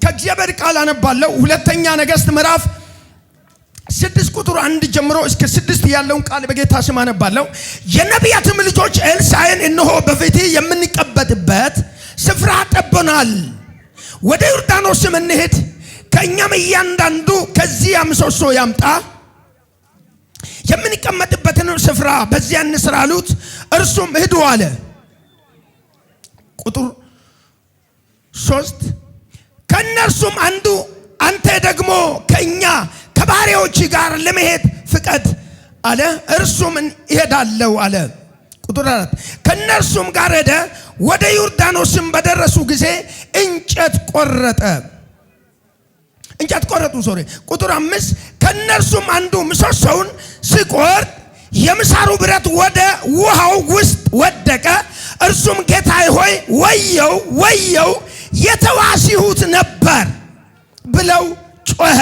ከእግዚአብሔር ቃል አነባለሁ። ሁለተኛ ነገሥት ምዕራፍ ስድስት ቁጥር አንድ ጀምሮ እስከ ስድስት ያለውን ቃል በጌታ ስም አነባለሁ። የነቢያትም ልጆች ኤልሳዕን እነሆ በፊትህ የምንቀበጥበት ስፍራ ጠቦናል፣ ወደ ዮርዳኖስም እንሂድ ከእኛም እያንዳንዱ ከዚህ ምሰሶ ያምጣ የምንቀመጥበትን ስፍራ በዚያ እንስራ አሉት። እርሱም ሂዱ አለ። ቁጥር ሶስት ከእነርሱም አንዱ አንተ ደግሞ ከእኛ ከባሪያዎች ጋር ለመሄድ ፍቀድ አለ። እርሱም ይሄዳለው አለ። ቁጥር አራት ከእነርሱም ጋር ሄደ። ወደ ዮርዳኖስም በደረሱ ጊዜ እንጨት ቆረጠ። እንጨት ቆረጡ። ሶሪ ቁጥር አምስት ከእነርሱም አንዱ ምሰሶውን ሲቆርጥ የምሳሩ ብረት ወደ ውሃው ውስጥ ወደቀ። እርሱም ጌታ ሆይ ወየው ወየው የተዋሲሁት ነበር ብለው ጮኸ።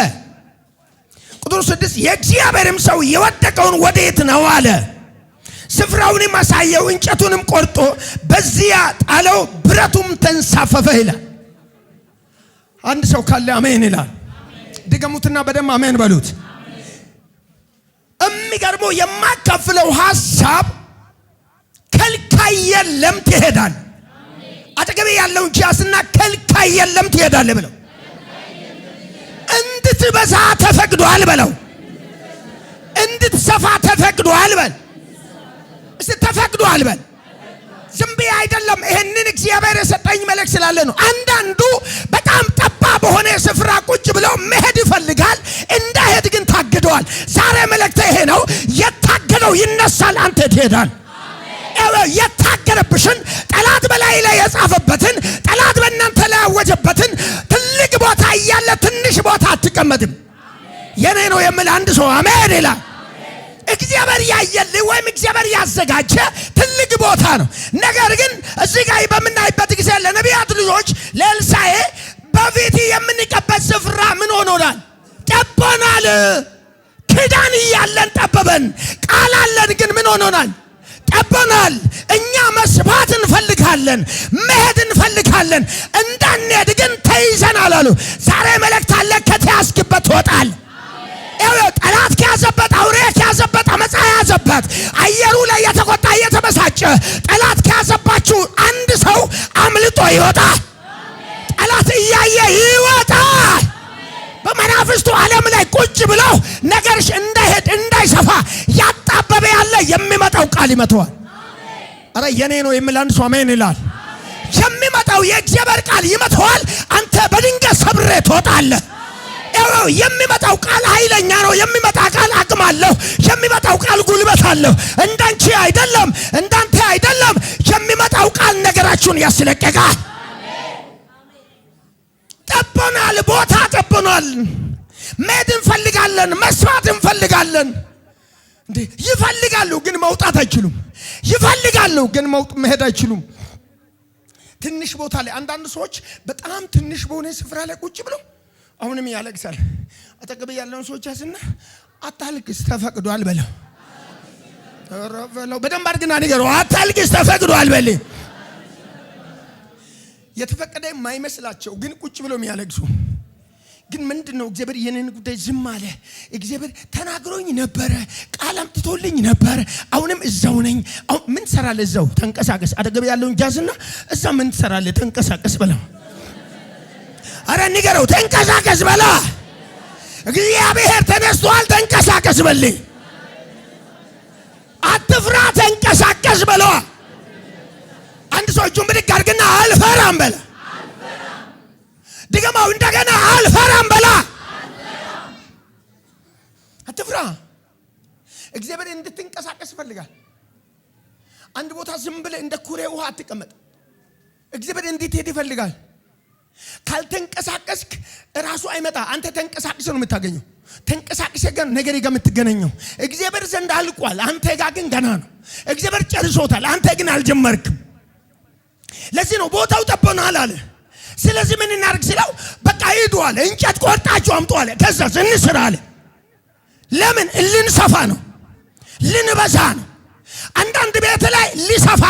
ቁጥር ስድስት የእግዚአብሔርም ሰው የወደቀውን ወዴት ነው አለ። ስፍራውንም አሳየው፣ እንጨቱንም ቆርጦ በዚያ ጣለው፣ ብረቱም ተንሳፈፈ ይላል። አንድ ሰው ካለ አሜን ይላል። ድገሙትና በደም አሜን በሉት። የሚገርመው የማካፍለው ሀሳብ ከልካይ የለም ትሄዳል። አጠገቤ ያለውን ኪያስና ከልካይ የለም ትሄዳል ብለው እንድትበዛ ተፈቅዷል በለው እንድትሰፋ ተፈቅዷል በል እስ ተፈቅዷል በል ዝም ብዬ አይደለም። ይህንን እግዚአብሔር የሰጠኝ መልእክት ስላለ ነው። አንዳንዱ ይፈልጋል። እንዳይሄድ ግን ታግደዋል። ዛሬ መልእክት ይሄ ነው። የታገደው ይነሳል፣ አንተ ትሄዳል። የታገደብሽን ጠላት በላይ ላይ የጻፈበትን ጠላት በእናንተ ላይ ያወጀበትን ትልቅ ቦታ እያለ ትንሽ ቦታ አትቀመጥም። የኔ ነው የምል አንድ ሰው አሜን ይላል። እግዚአብሔር ያየልህ ወይም እግዚአብሔር ያዘጋጀ ትልቅ ቦታ ነው። ነገር ግን እዚህ ጋር በምናይበት ጊዜ ለነቢያት ልጆች ለኤልሳዕ በፊት የምንቀበት ስፍራ ምን ሆኖናል? ጠቦናል። ክዳን እያለን ጠበበን። ቃል አለን ግን ምን ሆኖናል? ጠቦናል። እኛ መስፋት እንፈልጋለን፣ መሄድ እንፈልጋለን። እንዳንሄድ ግን ተይዘናል አሉ። ዛሬ መልእክት አለ። ከተያዝክበት ትወጣል። ጠላት ከያዘበት፣ አውሬ ከያዘበት፣ አመፃ ያዘበት፣ አየሩ ላይ የተቆጣ እየተበሳጨ ጠላት ከያዘባችሁ አንድ ሰው አምልጦ ይወጣ። ጠላት እያየ ይወጣ። በመናፍስቱ ዓለም ላይ ቁጭ ብለው ነገርሽ እንዳይሄድ እንዳይሰፋ ያጣበበ ያለ የሚመጣው ቃል ይመተዋል። አረ የኔ ነው የሚል አንድ ሰው አሜን ይላል። የሚመጣው የእግዚአብሔር ቃል ይመተዋል። አንተ በድንገት ሰብሬ ትወጣለህ። የሚመጣው ቃል ኃይለኛ ነው። የሚመጣ ቃል አቅም አለሁ። የሚመጣው ቃል ጉልበት አለሁ። እንዳንቺ አይደለም፣ እንዳንተ አይደለም። የሚመጣው ቃል ነገራችሁን ያስለቀቃል። ጠብናል፣ ቦታ ጠብናል። መሄድ እንፈልጋለን። መስዋዕት እንፈልጋለን። እንዴ ይፈልጋሉ፣ ግን መውጣት አይችሉም። ይፈልጋሉ፣ ግን መሄድ አይችሉም። ትንሽ ቦታ ላይ አንዳንድ ሰዎች በጣም ትንሽ በሆነ ስፍራ ላይ ቁጭ ብሎ አሁንም ያለቅሳል። አጠገብ ያለውን ሰዎች ያስና አታልቅስ፣ ተፈቅዷል በለው። በደንብ አድርግና ንገረው፣ አታልቅስ፣ ተፈቅዷል በለው። የተፈቀደ የማይመስላቸው ግን ቁጭ ብሎ የሚያለግሱ ግን ምንድን ነው? እግዚአብሔር ይህንን ጉዳይ ዝም አለ። እግዚአብሔር ተናግሮኝ ነበረ፣ ቃል አምጥቶልኝ ነበር። አሁንም እዛው ነኝ። ምን ትሰራለህ? እዛው ተንቀሳቀስ። አጠገብ ያለውን ጃዝና እዛ ምን ትሰራለህ? ተንቀሳቀስ በላ። አረ ንገረው፣ ተንቀሳቀስ በላ። እግዚአብሔር ተነስቷል፣ ተንቀሳቀስ በልኝ። አትፍራ፣ ተንቀሳቀስ በለዋ ሰው እጁን ብድግ አድርግና አልፈራም በላ። ድገማው እንደገና አልፈራም በላ። አትፍራ። እግዚአብሔር እንድትንቀሳቀስ ይፈልጋል። አንድ ቦታ ዝም ብለህ እንደ ኩሬ ውሃ አትቀመጥ። እግዚአብሔር እንድትሄድ ይፈልጋል። ካልተንቀሳቀስክ ራሱ አይመጣ። አንተ ተንቀሳቅሰ ነው የምታገኘው። ተንቀሳቅሰ ገ ነገር ጋ የምትገናኘው እግዚአብሔር ዘንድ አልቋል። አንተ ጋ ግን ገና ነው። እግዚአብሔር ጨርሶታል። አንተ ግን አልጀመርክም። ለዚህ ነው ቦታው ጠበናል አለ። ስለዚህ ምን እናርግ ስለው በቃ ሂዱ አለ። እንጨት ቆርጣችሁ አምጡ አለ። ከዛ እንስራ አለ። ለምን ልንሰፋ ነው፣ ልንበዛ ነው። አንዳንድ ቤት ላይ ሊሰፋ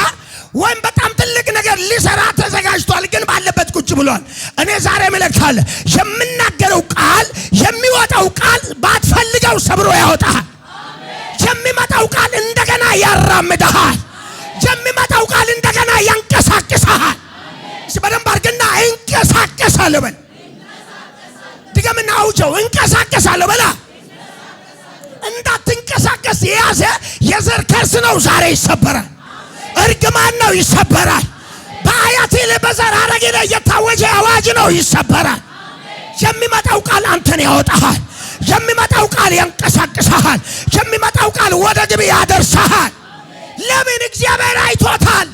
ወይም በጣም ትልቅ ነገር ሊሰራ ተዘጋጅቷል፣ ግን ባለበት ቁጭ ብሏል። እኔ ዛሬ መልእክታለ የምናገረው ቃል የሚወጣው ቃል ባትፈልገው ሰብሮ ያወጣ የሚመጣው ቃል እንደገና ያራምደሃል። የሚመጣው ቃል እንደገና ያንቀሳቅሳሃል። በደንብ አድርግና እንቀሳቀሳል በል። ድገምና አውጀው እንቀሳቀሳል በላ። እንዳትንቀሳቀስ የያዘ የዘር ከርስ ነው ዛሬ ይሰበራል። እርግማን ነው ይሰበራል። በአያቴ ላይ በዘር አረጌ ላይ የታወጀ አዋጅ ነው ይሰበራል። የሚመጣው ቃል አንተን ያወጣሃል። የሚመጣው ቃል ያንቀሳቅሰሃል። የሚመጣው ቃል ወደ ግብ ያደርሰሃል። ለምን እግዚአብሔር አይቶታል።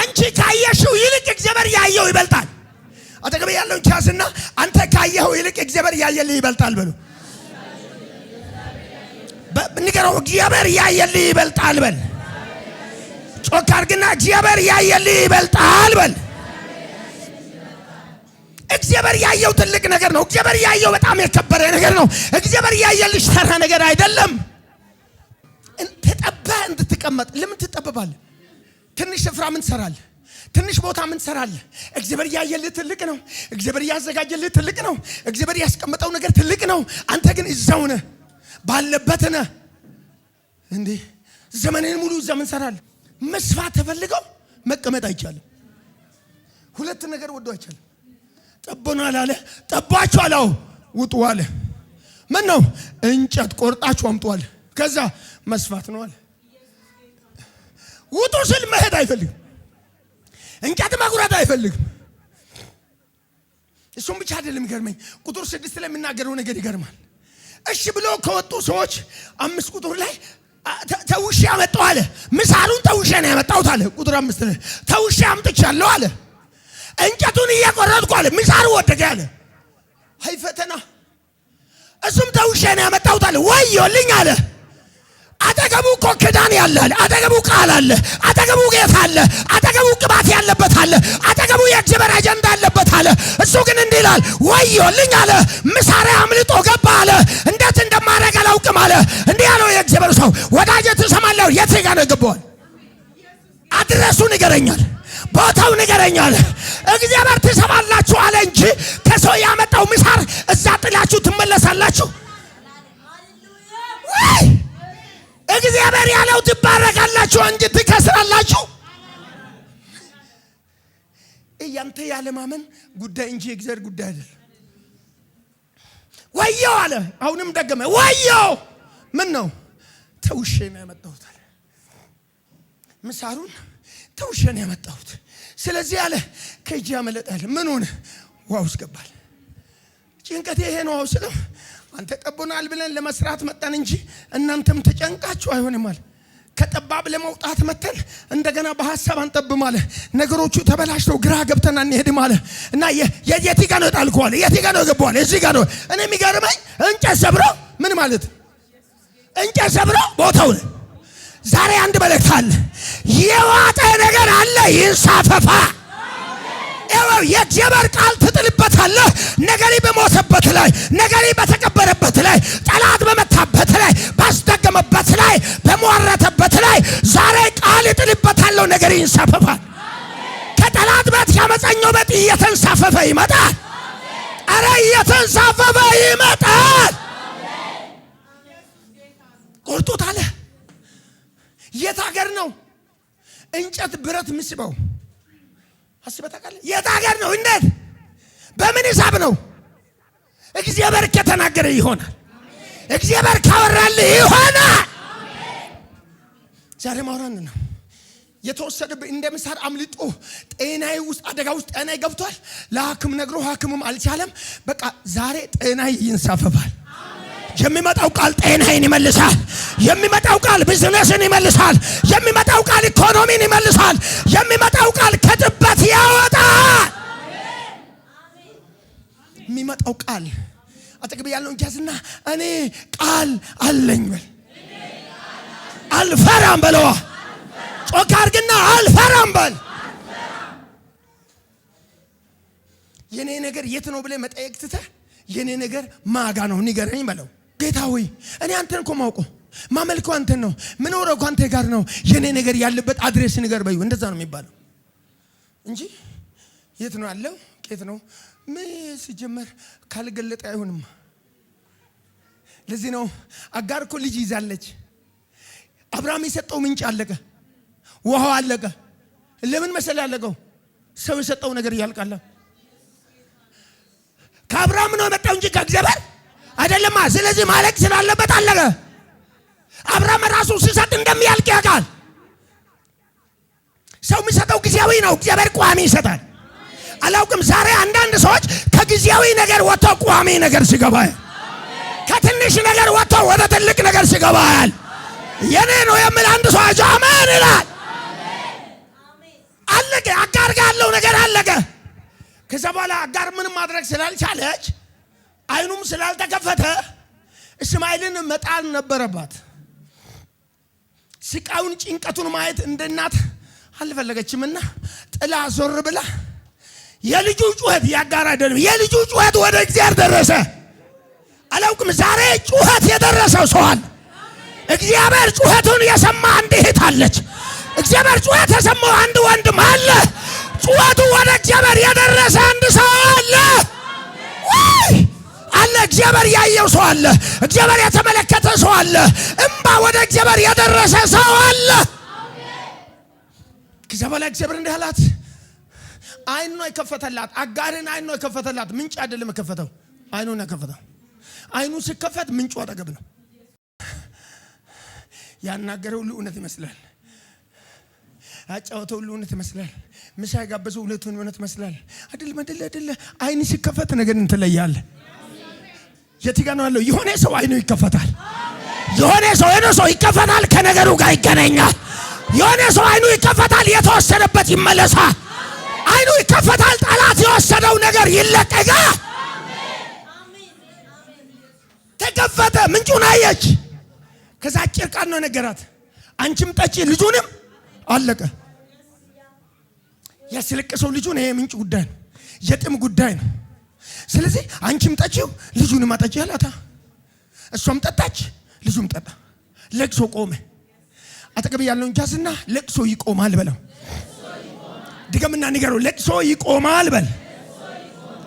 አንቺ ካየሽው ይልቅ እግዚአብሔር ያየው ይበልጣል። አጠገብ ያለውን ቻስና አንተ ካየኸው ይልቅ እግዚአብሔር ያየልህ ይበልጣል በሉ። ንገረው፣ እግዚአብሔር ያየልህ ይበልጣል በል። ጮክ አድርግና እግዚአብሔር ያየልህ ይበልጣል በል። እግዚአብሔር ያየው ትልቅ ነገር ነው። እግዚአብሔር ያየው በጣም የከበረ ነገር ነው። እግዚአብሔር ያየልሽ ተራ ነገር አይደለም። አርፈህ እንድትቀመጥ ለምን ትጠበባለህ? ትንሽ ስፍራ ምን ትሰራለህ? ትንሽ ቦታ ምን ትሰራለህ? እግዚአብሔር ያየልህ ትልቅ ነው። እግዚአብሔር ያዘጋጀልህ ትልቅ ነው። እግዚአብሔር ያስቀመጠው ነገር ትልቅ ነው። አንተ ግን እዛው ነህ፣ ባለበት ነህ። እንዴ ዘመንን ሙሉ እዛ ምን ትሰራለህ? መስፋት ተፈልገው መቀመጥ አይቻልም። ሁለት ነገር ወዶ አይቻልም። ጠቦናል አለ፣ ጠባችኋል። አዎ ውጡ አለ። ምን ነው እንጨት ቆርጣችሁ አምጧል። ከዛ መስፋት ነው አለ። ውጡ ስል መሄድ አይፈልግም። እንጨት መቁረጥ አይፈልግም። እሱም ብቻ አይደለም ይገርመኝ፣ ቁጥር ስድስት ላይ የሚናገረው ነገር ይገርማል። እሺ ብሎ ከወጡ ሰዎች አምስት ቁጥር ላይ ተውሼ አመጣው አለ። ምሳሉን ተውሼ ነው ያመጣሁት አለ። ቁጥር አምስት ላይ ተውሼ አምጥቻለሁ አለ። እንጨቱን እየቆረጥኩ አለ። ምሳሉ ወደቀ አለ። አይ ፈተና! እሱም ተውሼ ነው ያመጣሁት አለ። ወዮልኝ አለ። አጠገቡ እኮ ክዳን ያለ አለ፣ አጠገቡ ቃል አለ፣ አጠገቡ ጌታ አለ፣ አጠገቡ ቅባት ያለበት አለ፣ አጠገቡ የእግዚአብሔር አጀንዳ ያለበት አለ። እሱ ግን እንዲህ ይላል፣ ወዮልኝ አለ፣ ምሳሪያ አምልጦ ገባ አለ። እንዴት እንደማረግ አላውቅም አለ። እንዲህ ያለው የእግዚአብሔር ሰው ወዳጀ ትሰማለህ? የት ጋር ነው የገባው? አድረሱ ንገረኛል፣ ቦታው ንገረኛል። እግዚአብሔር ትሰማላችሁ አለ እንጂ ከሰው ያመጣው ምሳር እዛ ጥላችሁ ትመለሳላችሁ። እግዚአብሔር ያለው ትባረካላችሁ እንጂ ትከስራላችሁ። እያንተ ያለማመን ጉዳይ እንጂ የእግዚአብሔር ጉዳይ አይደለም። ወዮ አለ። አሁንም ደገመ። ወየው ምን ነው ተውሼ ነው ያመጣሁት አለ። ምሳሩን ተውሼ ነው ያመጣሁት። ስለዚህ አለ ከእጅ ያመለጣል። ምን ሆነ? ውሃ ውስጥ ገባል። ጭንቀቴ ይሄ ነው ስለው አንተ ጠቦናል ብለን ለመስራት መጣን እንጂ እናንተም ተጨንቃችሁ አይሆንም አለ። ከጠባብ ለመውጣት መተን እንደገና በሀሳብ አንጠብም አለ። ነገሮቹ ተበላሽተው ግራ ገብተን አንሄድም አለ እና የቲ ጋ ነው የጣልኩ አለ። የቲ ጋ ነው የገባዋል? እዚህ ጋ ነው። እኔ የሚገርመኝ እንጨት ሰብሮ ምን ማለት እንጨት ሰብሮ ቦታውን ዛሬ አንድ መልእክት አለ። የዋጠ ነገር አለ ይንሳፈፋ የጀበር ቃል ትጥልበታለህ። ነገሬ በሞተበት ላይ ነገሬ በተቀበረበት ላይ ጠላት በመታበት ላይ ባስደገመበት ላይ በሟረተበት ላይ ዛሬ ቃል እጥልበታለሁ። ነገሬ ይንሳፈፋል። ከጠላት በት ያመፀኛው በት እየተንሳፈፈ ይመጣል። አረ እየተንሳፈፈ ይመጣል። ቆርጦት አለ። የት ሀገር ነው እንጨት ብረት ምስበው አስበታቃለ የት ሀገር ነው? እንዴት በምን ሂሳብ ነው? እግዚአብሔር ከተናገረ ይሆናል። እግዚአብሔር ካወራልህ ይሆናል። ዛሬ ማውራን ነው የተወሰደብህ እንደ ምሳር አምልጦ ጤናዬ ውስጥ አደጋ ውስጥ ጤናዬ ገብቷል። ለሐኪም ነግሮ ሐኪምም አልቻለም። በቃ ዛሬ ጤናዬ ይንሳፈፋል። የሚመጣው ቃል ጤናዬን ይመልሳል። የሚመጣው ቃል ቢዝነስን ይመልሳል። የሚመጣው ቃል ኢኮኖሚን ይመልሳል። የሚመጣው ቃል ከጥበት ያወጣል። የሚመጣው ቃል አጠገብ ያለውን እንጃዝና እኔ ቃል አለኝ በል አልፈራም በለዋ ጮካ አርግና አልፈራም በል። የኔ ነገር የት ነው ብለህ መጠየቅ ትተህ የኔ ነገር ማጋ ነው ንገረኝ በለው። ጌታ ሆይ እኔ አንተን እኮ ማውቀው ማመልከው አንተን ነው። ምን ወረው አንተ ጋር ነው። የኔ ነገር ያለበት አድሬስ ንገር በዩ እንደዛ ነው የሚባለው እንጂ የት ነው ያለው ቄት ነው ምን ሲጀመር ካልገለጠ አይሆንም። ለዚህ ነው አጋር እኮ ልጅ ይዛለች። አብርሃም የሰጠው ምንጭ አለቀ፣ ውሃው አለቀ። ለምን መሰል ያለቀው ሰው የሰጠው ነገር እያልቃለ ከአብርሃም ነው የመጣው እንጂ ከእግዚአብሔር አይደለማ። ስለዚህ ማለቅ ስላለበት አለቀ። አብርሃም ራሱ ሲሰጥ እንደሚያልቅ ያውቃል። ሰው የሚሰጠው ጊዜያዊ ነው፣ እግዚአብሔር ቋሚ ይሰጣል። አላውቅም ዛሬ አንዳንድ ሰዎች ከጊዜያዊ ነገር ወጥቶ ቋሚ ነገር ሲገባ ከትንሽ ነገር ወጥቶ ወደ ትልቅ ነገር ሲገባ ያል የኔ ነው የሚል አንድ ሰው አጃ አሜን ይላል። አለቀ። አጋር ጋር ያለው ነገር አለቀ። ከዛ በኋላ አጋር ምንም ማድረግ ስላልቻለች አይኑም ስላልተከፈተ እስማኤልን መጣል ነበረባት። ስቃዩን ጭንቀቱን ማየት እንደ እናት አልፈለገችምና ጥላ ዞር ብላ የልጁ ጩኸት ያጋር አይደለም። የልጁ ጩኸት ወደ እግዚአብሔር ደረሰ። አላውቅም ዛሬ ጩኸት የደረሰው ሰዋል። እግዚአብሔር ጩኸቱን የሰማ አንድ እህት አለች። እግዚአብሔር ጩኸት የሰማው አንድ ወንድም አለ። ጩኸቱ ወደ እግዚአብሔር የደረሰ አንድ ሰው አለ። እግዚአብሔር ያየው ሰው አለ። እግዚአብሔር የተመለከተ ሰው አለ። እምባ ወደ እግዚአብሔር የደረሰ ሰው አለ። ከዛ በላይ እግዚአብሔር እንዲህ አላት። አይኑ ነው የከፈተላት። አጋርን አይኑ ነው የከፈተላት። ምንጭ አይደለም የከፈተው፣ አይኑ ነው የከፈተው። አይኑ ሲከፈት ምንጩ አጠገብ ነው። ያናገረው ሁሉ እውነት ይመስላል። ያጫወተው ሁሉ እውነት ይመስላል። ምሳ የጋበዘው ሁለቱን እውነት ይመስላል። አይደለም አይደለ አይደለ። አይን ሲከፈት ነገር እንትለያለ የት ነው ያለው? የሆነ ሰው አይኑ ይከፈታል። የሆነ ሰው አይኑ ሰው ይከፈታል፣ ከነገሩ ጋር ይገናኛል። የሆነ ሰው አይኑ ይከፈታል፣ የተወሰደበት ይመለሳል። አይኑ ይከፈታል፣ ጠላት የወሰደው ነገር ይለቀቃ። ተከፈተ፣ ምንጩን አየች። ከዛ አጭር ቃል ነው ነገራት፣ አንቺም ጠጪ ልጁንም። አለቀ። ያስለቀሰው ልጁን ይሄ ምንጭ ጉዳይ ነው፣ የጥም ጉዳይ ነው። ስለዚህ አንቺም ጠጪው ልጁንም አጠጪ አላታ። እሷም ጠጣች፣ ልጁም ጠጣ። ለቅሶ ቆመ። አጠገብ ያለው ጃዝና ለቅሶ ይቆማል በለው። ድገምና ንገረው፣ ለቅሶ ይቆማል በል።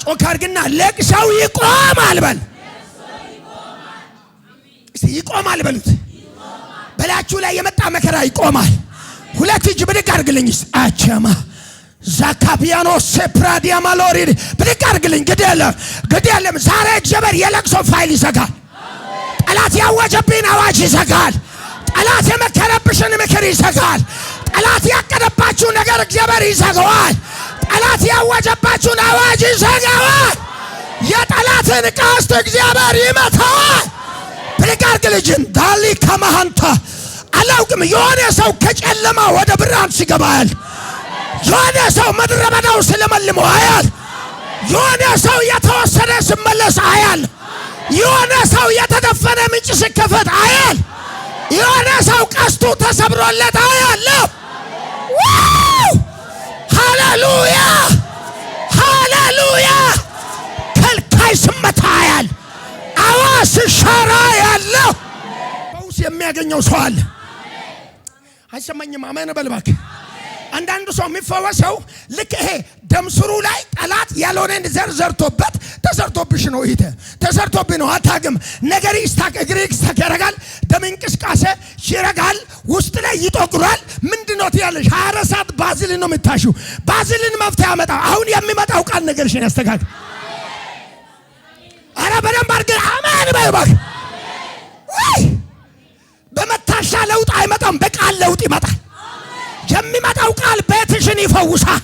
ጮክ አድርግና ለቅሶው ይቆማል በል። ይቆማል በሉት። በላችሁ ላይ የመጣ መከራ ይቆማል። ሁለት እጅ ብድግ አድርግልኝ አቸማ ዛካፒያኖስ ሴፕራዲያ ማሎሪ ብድቅ አርግልኝ። ግድ የለም ግድ የለም። ዛሬ እግዚአብሔር የለቅሶ ፋይል ይዘጋል። ጠላት ያወጀብኝ አዋጅ ይዘጋል። ጠላት የመከረብሽን ምክር ይዘጋል። ጠላት ያቀደባችሁ ነገር እግዚአብሔር ይዘጋዋል። ጠላት ያወጀባችሁን አዋጅ ይዘጋዋል። የጠላትን ቀስት እግዚአብሔር ይመታዋል። ብድቅ አድርግልኝ። ዳሊ ከመሃንታ አላውቅም የሆነ ሰው ከጨለማ ወደ ብርሃን ሲገባል የሆነ ሰው ምድረ በዳውን ሲለመልመው አያል። የሆነ ሰው የተወሰደ ስመለስ አያል። የሆነ ሰው የተደፈነ ምንጭ ሲከፈት አያል። የሆነ ሰው ቀስቱ ተሰብሮለት አያለሁ። ሃሌሉያ ሃሌሉያ። ከልካይ ስመታ አያል። አዋሽ ሻራ ያለሁ በውስጥ የሚያገኘው ሰው አለ። አይሰማኝም። አሜን በልባክ አንዳንዱ ሰው የሚፈወሰው ልክ ይሄ ደምስሩ ላይ ጠላት ያልሆነን ዘር ዘርቶበት ተሰርቶብሽ ነው። ይሄ ተሰርቶብ ነው። አታግም ነገር እግር ይስታክ ያደርጋል። ደም እንቅስቃሴ ይረጋል። ውስጥ ላይ ይጠቁራል። ምንድነው ትያለሽ? ሀያ አራት ሰዓት ባዝልን ነው የምታሹ። ባዝልን መፍትሄ ያመጣ አሁን የሚመጣው ቃል ነገርሽን ያስተካክል። አረ በደንብ አድርገን አማን ባይባክ ወይ በመታሻ ለውጥ አይመጣም። በቃል ለውጥ ይመጣል። የሚመጣው ቃል ቤትሽን ይፈውሳል።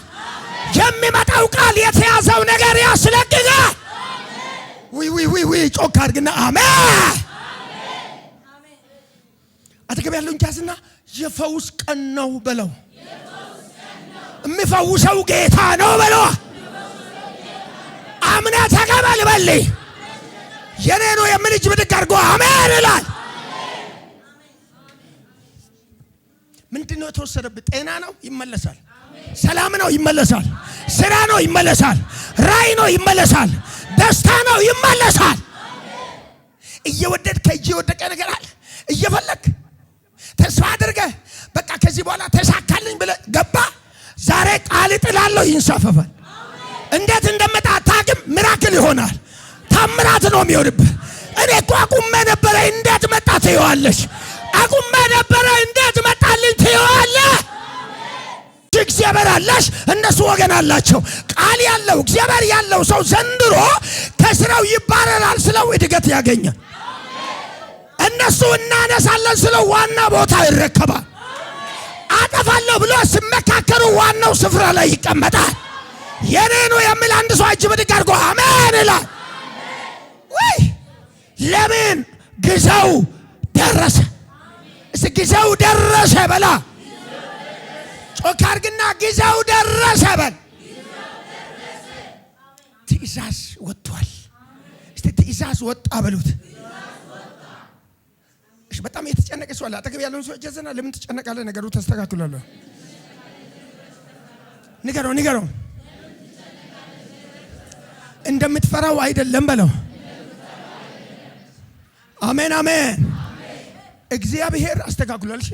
የሚመጣው ቃል የተያዘው ነገር ያስለቅቃል። ዊዊዊዊ ጮክ አድርግና አሜን። አጠገብ ያለውን ጃዝና የፈውስ ቀን ነው በለው። የሚፈውሰው ጌታ ነው በለው። አምነ ተቀበል በልኝ። የኔ ነው የምልጅ ብድግ አድርጎ አሜን ይላል። ምንድነው የተወሰደብህ? ጤና ነው ይመለሳል። ሰላም ነው ይመለሳል። ስራ ነው ይመለሳል። ራይ ነው ይመለሳል። ደስታ ነው ይመለሳል። እየወደድከ እየወደቀ ነገር አለ እየፈለግ ተስፋ አድርገህ በቃ ከዚህ በኋላ ተሳካልኝ ብለህ ገባ። ዛሬ ቃል ጥላለሁ ይንሳፈፋል። እንዴት እንደመጣ አታውቅም። ምራክል ይሆናል። ታምራት ነው የሚሆንብህ። እኔ እኮ አቁሜ ነበረ፣ እንዴት መጣ ትየዋለሽ። አቁሜ ነበረ አላሽ፣ እነሱ ወገን አላቸው። ቃል ያለው እግዚአብሔር ያለው ሰው ዘንድሮ ከስራው ይባረራል ስለው እድገት ያገኛል። እነሱ እናነሳለን ስለው ዋና ቦታ ይረከባል። አጠፋለሁ ብሎ ሲመካከሩ ዋናው ስፍራ ላይ ይቀመጣል። የኔ ነው የሚል አንድ ሰው እጅ ብድግ አድርጎ አሜን ይላል። ወይ ለምን ጊዜው ደረሰ? እስኪ ጊዜው ደረሰ በላ ጮክ አድርግና ጊዜው ደረሰ በል። ትእዛዝ ወጥቷል። እስቲ ትእዛዝ ወጣ በሉት። በጣም የተጨነቀ ሰው አለ። አጠገብ ያለውን ሰው ለምን ትጨነቃለህ? ነገሩ ተስተካክሏል። ንገረው ንገረው፣ እንደምትፈራው አይደለም በለው። አሜን አሜን። እግዚአብሔር አስተካክሏል። እሺ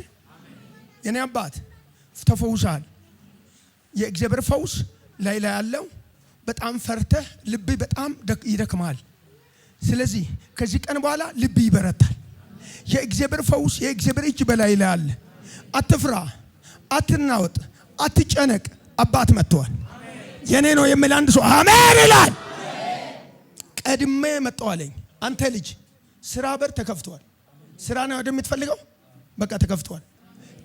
የኔ አባት ተፈውሳል። የእግዚአብሔር ፈውስ ላይ ላይ ያለው በጣም ፈርተህ ልብ በጣም ይደክማል። ስለዚህ ከዚህ ቀን በኋላ ልብ ይበረታል። የእግዚአብሔር ፈውስ የእግዚአብሔር እጅ በላይ ላይ አለ። አትፍራ፣ አትናወጥ፣ አትጨነቅ። አባት መጥተዋል። የኔ ነው የሚል አንድ ሰው አሜን ይላል። ቀድሜ መጣዋለኝ። አንተ ልጅ ስራ በር ተከፍቷል። ስራ ነው የምትፈልገው፣ በቃ ተከፍቷል።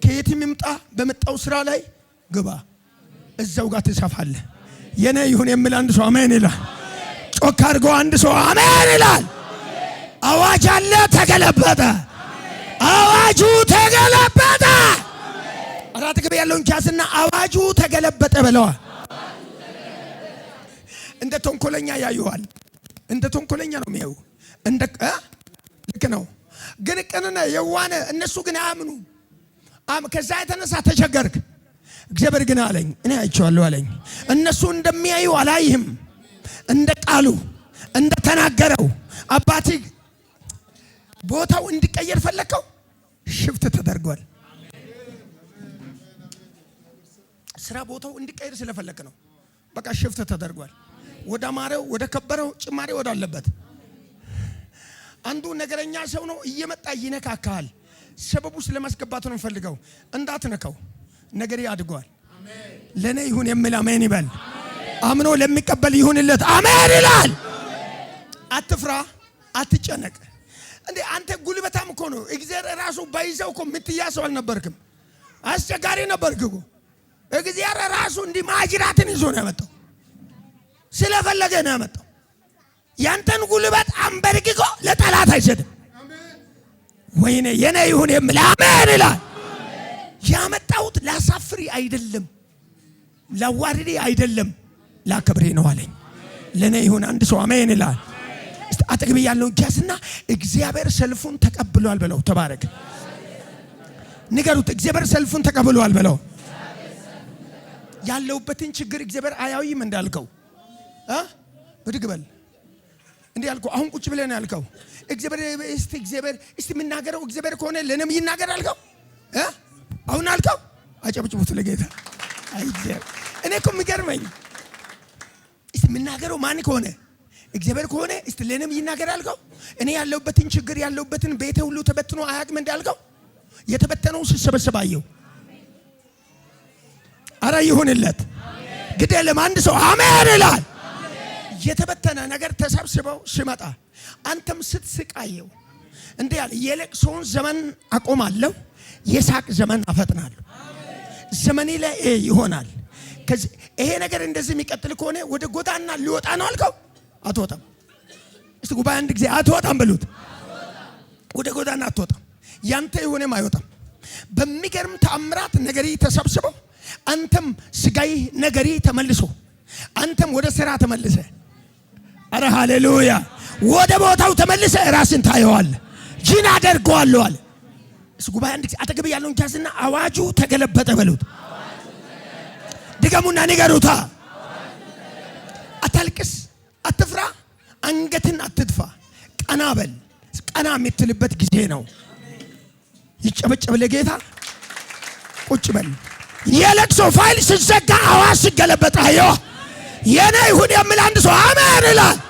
ከየትም ይምጣ በመጣው ስራ ላይ ግባ፣ እዛው ጋር ትሰፋለ የኔ ይሁን የሚል አንድ ሰው አሜን ይላል። ጮክ አድርጎ አንድ ሰው አሜን ይላል። አዋጅ አለ። ተገለበጠ። አዋጁ ተገለበጠ። አራት ግብ ያለውን ጃዝና አዋጁ ተገለበጠ ብለዋል። እንደ ተንኮለኛ ያዩዋል። እንደ ተንኮለኛ ነው የሚያዩ። እንደ ልክ ነው ግን ቅንነ የዋነ እነሱ ግን አያምኑ ከዛ የተነሳ ተቸገርክ። እግዚአብሔር ግን አለኝ እኔ አይቼዋለሁ አለኝ። እነሱ እንደሚያዩ አላይህም። እንደ ቃሉ እንደ ተናገረው አባቲ ቦታው እንዲቀየር ፈለከው። ሽፍት ተደርጓል። ስራ ቦታው እንዲቀየር ስለፈለግ ነው። በቃ ሽፍት ተደርጓል። ወደ አማረው ወደ ከበረው ጭማሪ ወዳለበት አንዱ ነገረኛ ሰው ነው እየመጣ ይነካካል። ሰበብ ውስጥ ለማስገባት ነው ፈልገው እንዳትነካው። ነገሬ አድጓል። ለእኔ ይሁን የሚል አሜን ይበል። አምኖ ለሚቀበል ይሁንለት አሜን ይላል። አትፍራ፣ አትጨነቅ። እንዴ አንተ ጉልበታም እኮ ነው። እግዚአብሔር ራሱ ባይዘው እኮ የምትያሰው አልነበርክም። አስቸጋሪ ነበርክ እኮ። እግዚአብሔር ራሱ እንዲህ ማጅራትን ይዞ ነው ያመጣው። ስለፈለገ ነው ያመጣው። ያንተን ጉልበት አንበርግጎ ለጠላት አይሰድም። ወይኔ የኔ ይሁን የሚል አሜን ይላል። ያመጣሁት ላሳፍሪ አይደለም፣ ላዋርዴ አይደለም፣ ላከብሬ ነው አለኝ። ለእኔ ይሁን አንድ ሰው አሜን ይላል። አጠገቤ ያለው ጃስና እግዚአብሔር ሰልፉን ተቀብሏል ብለው ተባረክ ንገሩት። እግዚአብሔር ሰልፉን ተቀብሏል ብለው ያለውበትን ችግር እግዚአብሔር አያዊም እንዳልከው ብድግ በል እንዴ ያልከው አሁን ቁጭ ብለን ያልከው እግዚአብሔር እስቲ እግዚአብሔር እስቲ የምናገረው እግዚአብሔር ከሆነ ለእኔም ይናገር አልከው እ አሁን አልከው። አጨብጭቡት ለጌታ። አይዘር። እኔ እኮ የሚገርመኝ እስቲ የምናገረው ማን ከሆነ እግዚአብሔር ከሆነ እስቲ ለእኔም ይናገር አልከው። እኔ ያለሁበትን ችግር ያለሁበትን ቤተ ሁሉ ተበትኖ አያቅም እንዳልከው የተበተነው ሲሰበሰብ አየሁ። አረ ይሁንለት ግዴለም አንድ ሰው አሜን ይላል። የተበተነ ነገር ተሰብስበው ሲመጣ አንተም ስትስቃየው እንዴ ያለ የለቅሶውን ዘመን አቆማለሁ፣ የሳቅ ዘመን አፈጥናለሁ። ዘመኔ ላይ ይሆናል። ይሄ ነገር እንደዚህ የሚቀጥል ከሆነ ወደ ጎዳና ሊወጣ ነው አልከው። አትወጣም። እስቲ ጉባኤ አንድ ጊዜ አትወጣም በሉት። ወደ ጎዳና አትወጣም። ያንተ የሆነም አይወጣም። በሚገርም ተአምራት ነገሪ ተሰብስበው አንተም ስጋይ ነገሪ ተመልሶ አንተም ወደ ስራ ተመልሰ አረ ሃሌሉያ! ወደ ቦታው ተመልሰ ራስን ታየዋል። ጅን አደርገዋለሁ አለ። እሱ ጉባኤ አንድ ጊዜ አጠገብ ያለውን ጃዝና አዋጁ ተገለበጠ በሉት። ድገሙና ንገሩታ። አታልቅስ፣ አትፍራ፣ አንገትን አትድፋ። ቀና በል። ቀና የምትልበት ጊዜ ነው። ይጨበጨብ ለጌታ ቁጭ በል። የለቅሶ ፋይል ስዘጋ አዋጅ ሲገለበጥ አየዋ የኔ ይሁን የሚል አንድ ሰው አሜን ይላል።